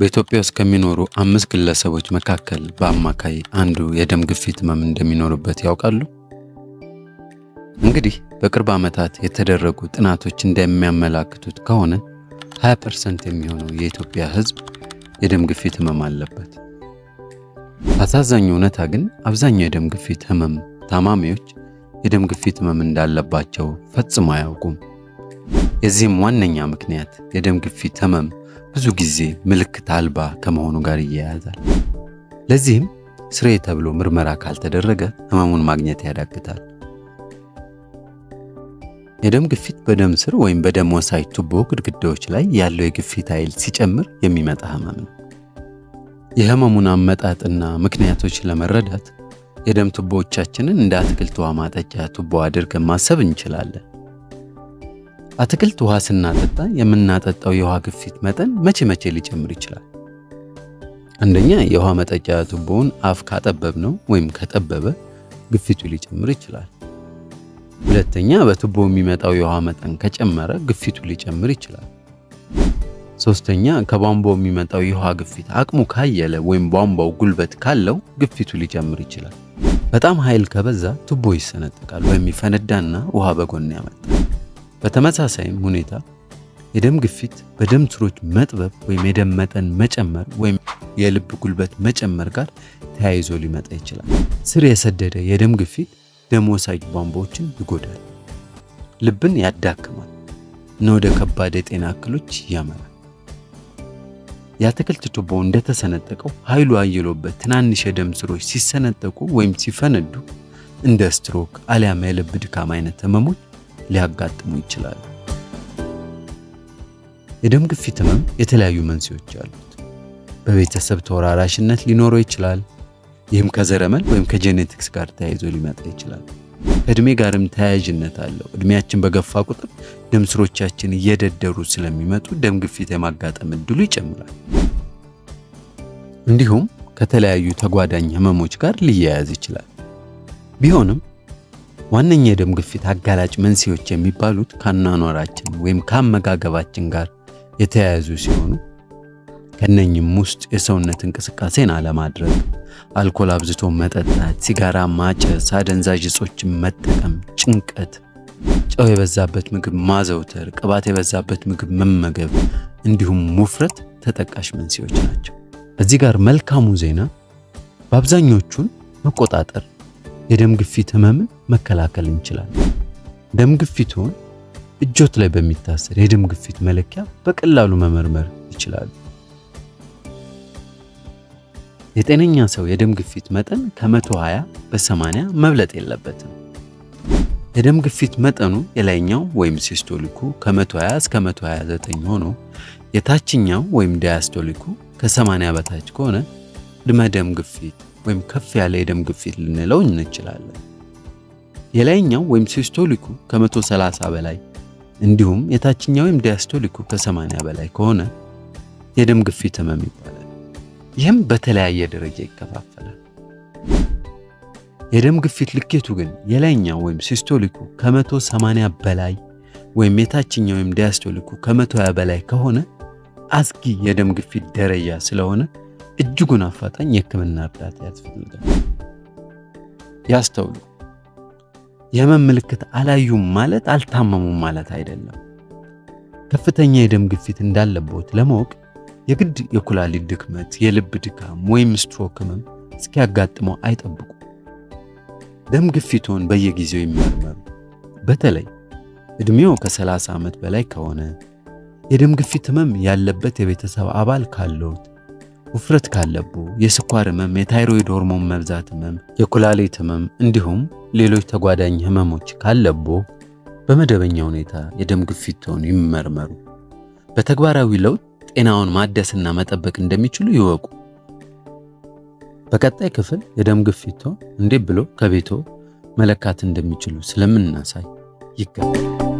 በኢትዮጵያ ውስጥ ከሚኖሩ አምስት ግለሰቦች መካከል በአማካይ አንዱ የደም ግፊት ህመም እንደሚኖርበት ያውቃሉ? እንግዲህ በቅርብ ዓመታት የተደረጉ ጥናቶች እንደሚያመላክቱት ከሆነ 20 ፐርሰንት የሚሆነው የኢትዮጵያ ህዝብ የደም ግፊት ህመም አለበት። አሳዛኝ እውነታ ግን አብዛኛው የደም ግፊት ህመም ታማሚዎች የደም ግፊት ህመም እንዳለባቸው ፈጽሞ አያውቁም። የዚህም ዋነኛ ምክንያት የደም ግፊት ህመም ብዙ ጊዜ ምልክት አልባ ከመሆኑ ጋር ይያያዛል። ለዚህም ስሬ ተብሎ ምርመራ ካልተደረገ ህመሙን ማግኘት ያዳግታል። የደም ግፊት በደም ስር ወይም በደም ወሳጅ ቱቦ ግድግዳዎች ላይ ያለው የግፊት ኃይል ሲጨምር የሚመጣ ህመም ነው። የህመሙን አመጣጥና ምክንያቶች ለመረዳት የደም ቱቦዎቻችንን እንደ አትክልት ውሃ ማጠጫ ቱቦ አድርገን ማሰብ እንችላለን። አትክልት ውሃ ስናጠጣ የምናጠጣው የውሃ ግፊት መጠን መቼ መቼ ሊጨምር ይችላል? አንደኛ የውሃ መጠጫ ቱቦውን አፍ ካጠበብ ነው ወይም ከጠበበ ግፊቱ ሊጨምር ይችላል። ሁለተኛ በቱቦ የሚመጣው የውሃ መጠን ከጨመረ ግፊቱ ሊጨምር ይችላል። ሶስተኛ ከቧንቧ የሚመጣው የውሃ ግፊት አቅሙ ካየለ ወይም ቧንቧው ጉልበት ካለው ግፊቱ ሊጨምር ይችላል። በጣም ኃይል ከበዛ ቱቦ ይሰነጠቃል ወይም ይፈነዳና ውሃ በጎን ያመጣል። በተመሳሳይም ሁኔታ የደም ግፊት በደም ስሮች መጥበብ ወይም የደም መጠን መጨመር ወይም የልብ ጉልበት መጨመር ጋር ተያይዞ ሊመጣ ይችላል። ስር የሰደደ የደም ግፊት ደም ወሳጅ ቧንቧዎችን ይጎዳል፣ ልብን ያዳክማል እና ወደ ከባድ የጤና እክሎች ያመራል። የአትክልት ቱቦ እንደተሰነጠቀው ኃይሉ አይሎበት ትናንሽ የደም ስሮች ሲሰነጠቁ ወይም ሲፈነዱ እንደ ስትሮክ አሊያም የልብ ድካም አይነት ህመሞች ሊያጋጥሙ ይችላሉ። የደም ግፊት ህመም የተለያዩ መንስኤዎች አሉት። በቤተሰብ ተወራራሽነት ሊኖረው ይችላል። ይህም ከዘረመል ወይም ከጄኔቲክስ ጋር ተያይዞ ሊመጣ ይችላል። ከእድሜ ጋርም ተያያዥነት አለው። እድሜያችን በገፋ ቁጥር ደም ስሮቻችን እየደደሩ ስለሚመጡ ደም ግፊት የማጋጠም እድሉ ይጨምራል። እንዲሁም ከተለያዩ ተጓዳኝ ህመሞች ጋር ሊያያዝ ይችላል። ቢሆንም ዋነኛ የደም ግፊት አጋላጭ መንስኤዎች የሚባሉት ከአኗኗራችን ወይም ከአመጋገባችን ጋር የተያያዙ ሲሆኑ ከነኝም ውስጥ የሰውነት እንቅስቃሴን አለማድረግ፣ አልኮል አብዝቶ መጠጣት፣ ሲጋራ ማጨስ፣ አደንዛዥ እጾችን መጠቀም፣ ጭንቀት፣ ጨው የበዛበት ምግብ ማዘውተር፣ ቅባት የበዛበት ምግብ መመገብ እንዲሁም ውፍረት ተጠቃሽ መንስኤዎች ናቸው። እዚህ ጋር መልካሙ ዜና በአብዛኞቹን መቆጣጠር የደም ግፊት ህመምን መከላከል እንችላለን። ደም ግፊቱን እጆት ላይ በሚታሰር የደም ግፊት መለኪያ በቀላሉ መመርመር ይችላሉ። የጤነኛ ሰው የደም ግፊት መጠን ከ120 በ80 መብለጥ የለበትም። የደም ግፊት መጠኑ የላይኛው ወይም ሲስቶሊኩ ከ120 እስከ 129 ሆኖ የታችኛው ወይም ዳያስቶሊኩ ከ80 በታች ከሆነ ቅድመ ደም ግፊት ወይም ከፍ ያለ የደም ግፊት ልንለው እንችላለን። የላይኛው ወይም ሲስቶሊኩ ከ130 በላይ እንዲሁም የታችኛው ወይም ዲያስቶሊኩ ከ80 በላይ ከሆነ የደም ግፊት ህመም ይባላል። ይህም በተለያየ ደረጃ ይከፋፈላል። የደም ግፊት ልኬቱ ግን የላይኛው ወይም ሲስቶሊኩ ከ180 በላይ ወይም የታችኛው ወይም ዲያስቶሊኩ ከ120 በላይ ከሆነ አስጊ የደም ግፊት ደረጃ ስለሆነ እጅጉን አፋጣኝ የህክምና እርዳታ ያስፈልጋል። ያስተውሉ። የህመም ምልክት አላዩም ማለት አልታመሙም ማለት አይደለም። ከፍተኛ የደም ግፊት እንዳለበት ለማወቅ የግድ የኩላሊት ድክመት፣ የልብ ድካም ወይም ስትሮክ ህመም እስኪያጋጥመው አይጠብቁ። ደም ግፊቶን በየጊዜው ይመርመሩ። በተለይ እድሜው ከ30 ዓመት በላይ ከሆነ የደም ግፊት ህመም ያለበት የቤተሰብ አባል ካለዎት ውፍረት ካለቡ፣ የስኳር ህመም፣ የታይሮይድ ሆርሞን መብዛት ህመም፣ የኩላሊት ህመም እንዲሁም ሌሎች ተጓዳኝ ህመሞች ካለቦ በመደበኛ ሁኔታ የደም ግፊትን ይመርመሩ። በተግባራዊ ለውጥ ጤናውን ማደስና መጠበቅ እንደሚችሉ ይወቁ። በቀጣይ ክፍል የደም ግፊቶ እንዴት ብሎ ከቤቶ መለካት እንደሚችሉ ስለምናሳይ ይገባል።